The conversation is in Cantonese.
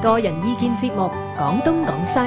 個人意見節目，講東講西。